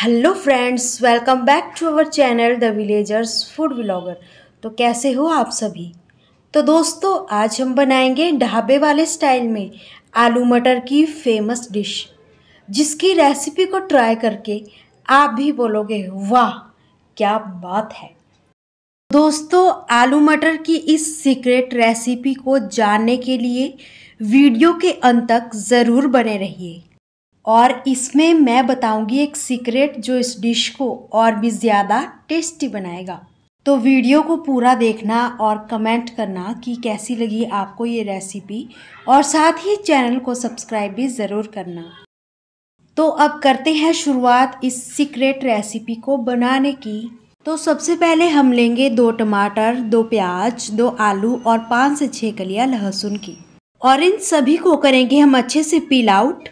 hello friends welcome back to our channel the villagers food blogger तो कैसे हो आप सभी तो दोस्तों आज हम बनाएंगे ढाबे वाले स्टाइल में आलू मटर की फेमस डिश जिसकी रेसिपी को ट्राई करके आप भी बोलोगे वाह क्या बात है दोस्तों आलू मटर की इस सीक्रेट रेसिपी को जानने के लिए वीडियो के अंत तक ज़रूर बने रहिए और इसमें मैं बताऊंगी एक सीक्रेट जो इस डिश को और भी ज़्यादा टेस्टी बनाएगा तो वीडियो को पूरा देखना और कमेंट करना कि कैसी लगी आपको ये रेसिपी और साथ ही चैनल को सब्सक्राइब भी ज़रूर करना तो अब करते हैं शुरुआत इस सीक्रेट रेसिपी को बनाने की तो सबसे पहले हम लेंगे दो टमाटर दो प्याज दो आलू और पाँच से छः कलिया लहसुन की और इन सभी को करेंगे हम अच्छे से पील आउट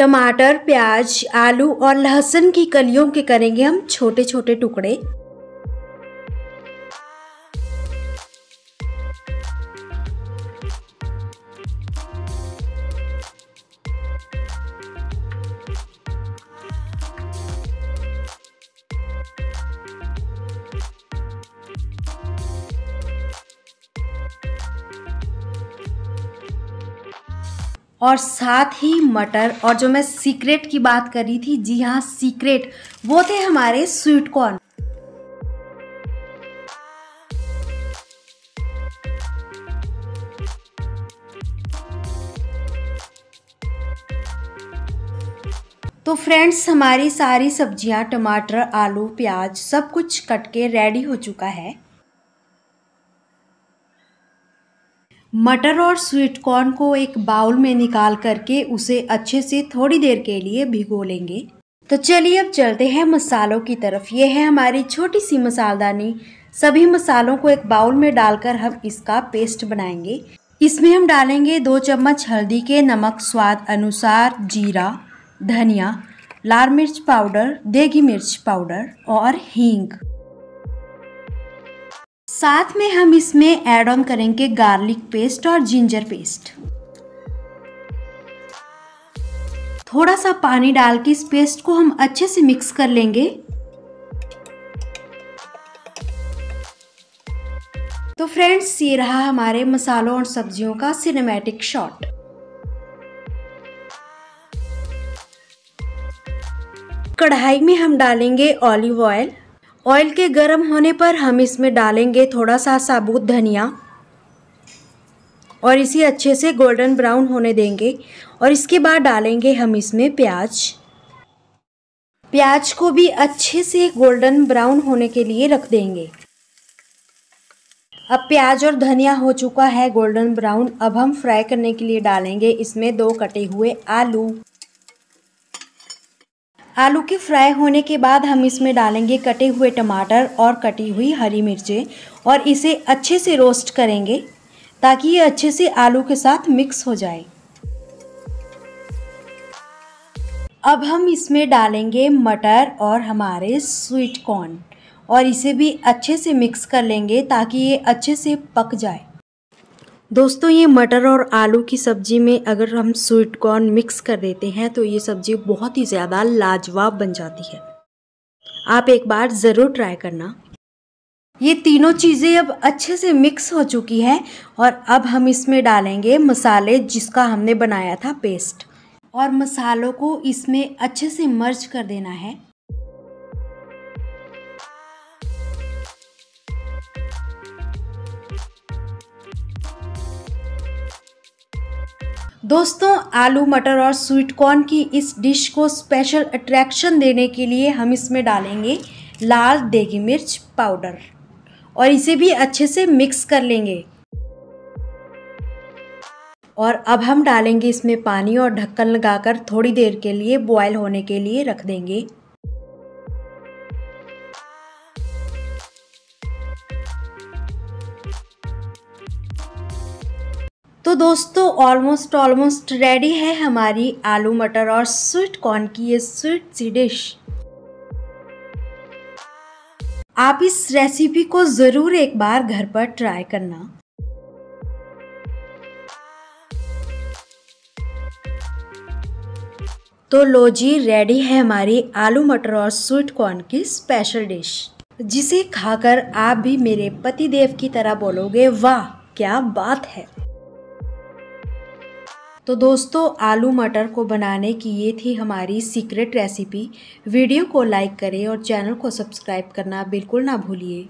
टमाटर प्याज आलू और लहसुन की कलियों के करेंगे हम छोटे छोटे टुकड़े और साथ ही मटर और जो मैं सीक्रेट की बात कर रही थी जी हाँ सीक्रेट वो थे हमारे स्वीट कॉर्न तो फ्रेंड्स हमारी सारी सब्जियां टमाटर आलू प्याज सब कुछ कट के रेडी हो चुका है मटर और स्वीट कॉर्न को एक बाउल में निकाल करके उसे अच्छे से थोड़ी देर के लिए भिगो लेंगे तो चलिए अब चलते हैं मसालों की तरफ ये है हमारी छोटी सी मसालदानी सभी मसालों को एक बाउल में डालकर हम इसका पेस्ट बनाएंगे इसमें हम डालेंगे दो चम्मच हल्दी के नमक स्वाद अनुसार जीरा धनिया लाल मिर्च पाउडर देगी मिर्च पाउडर और हींग साथ में हम इसमें ऐड ऑन करेंगे गार्लिक पेस्ट और जिंजर पेस्ट थोड़ा सा पानी डाल के इस पेस्ट को हम अच्छे से मिक्स कर लेंगे तो फ्रेंड्स ये रहा हमारे मसालों और सब्जियों का सिनेमैटिक शॉट कढ़ाई में हम डालेंगे ऑलिव ऑयल ऑयल के गर्म होने पर हम इसमें डालेंगे थोड़ा सा साबुत धनिया और इसे अच्छे से गोल्डन ब्राउन होने देंगे और इसके बाद डालेंगे हम इसमें प्याज प्याज को भी अच्छे से गोल्डन ब्राउन होने के लिए रख देंगे अब प्याज और धनिया हो चुका है गोल्डन ब्राउन अब हम फ्राई करने के लिए डालेंगे इसमें दो कटे हुए आलू आलू के फ्राई होने के बाद हम इसमें डालेंगे कटे हुए टमाटर और कटी हुई हरी मिर्चें और इसे अच्छे से रोस्ट करेंगे ताकि ये अच्छे से आलू के साथ मिक्स हो जाए अब हम इसमें डालेंगे मटर और हमारे स्वीट कॉर्न और इसे भी अच्छे से मिक्स कर लेंगे ताकि ये अच्छे से पक जाए दोस्तों ये मटर और आलू की सब्ज़ी में अगर हम स्वीट कॉर्न मिक्स कर देते हैं तो ये सब्ज़ी बहुत ही ज़्यादा लाजवाब बन जाती है आप एक बार ज़रूर ट्राई करना ये तीनों चीज़ें अब अच्छे से मिक्स हो चुकी हैं और अब हम इसमें डालेंगे मसाले जिसका हमने बनाया था पेस्ट और मसालों को इसमें अच्छे से मर्ज कर देना है दोस्तों आलू मटर और स्वीट कॉर्न की इस डिश को स्पेशल अट्रैक्शन देने के लिए हम इसमें डालेंगे लाल देगी मिर्च पाउडर और इसे भी अच्छे से मिक्स कर लेंगे और अब हम डालेंगे इसमें पानी और ढक्कन लगाकर थोड़ी देर के लिए बॉयल होने के लिए रख देंगे तो दोस्तों ऑलमोस्ट ऑलमोस्ट रेडी है हमारी आलू मटर और स्वीट कॉर्न की ये स्वीट सी डिश आप इस रेसिपी को ज़रूर एक बार घर पर ट्राई करना तो लो जी रेडी है हमारी आलू मटर और स्वीट कॉर्न की स्पेशल डिश जिसे खाकर आप भी मेरे पति देव की तरह बोलोगे वाह क्या बात है तो दोस्तों आलू मटर को बनाने की ये थी हमारी सीक्रेट रेसिपी वीडियो को लाइक करें और चैनल को सब्सक्राइब करना बिल्कुल ना भूलिए